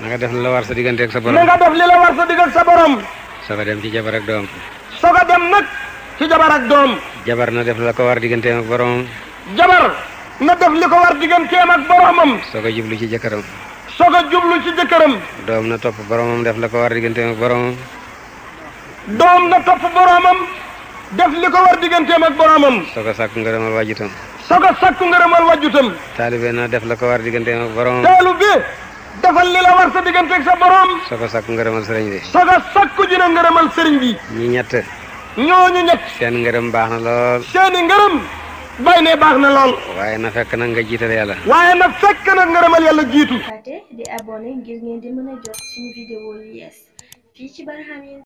na nga def li la war sa digganteeg sa borom na nga def li la war sa digganteeg sa borom. soog a dem ci jabar ak doom. soog a dem nag ci jabar ak doom. jabar na def la ko war digganteem ak boromam. jabar na def li ko war digganteem ak boromam. soog a jublu ci jëkkëram. soog a jublu ci jëkkëram. doom na topp boromam def la ko war digganteem ak boromam. doom na topp boromam def li ko war digganteem ak boromam. soog a sàkku ngërëmal waajutam. soog a sàkku ngërëmal waajutam. taalibe na def la ko war digganteem ak boromam. taalibe. defal li la war sa digganteeg sa borom. soo ko sakku ngërëmal sëriñ bi. soo ko sakku ji na ngërëmal sëriñ bi. ñi ñett. ñooñu ñett. seen ngërëm baax na lool. seeni ngërëm. bay baax na lool. waaye na fekk nag nga jiital yàlla. waaye na fekk nag ngërëmal yàlla jiitu.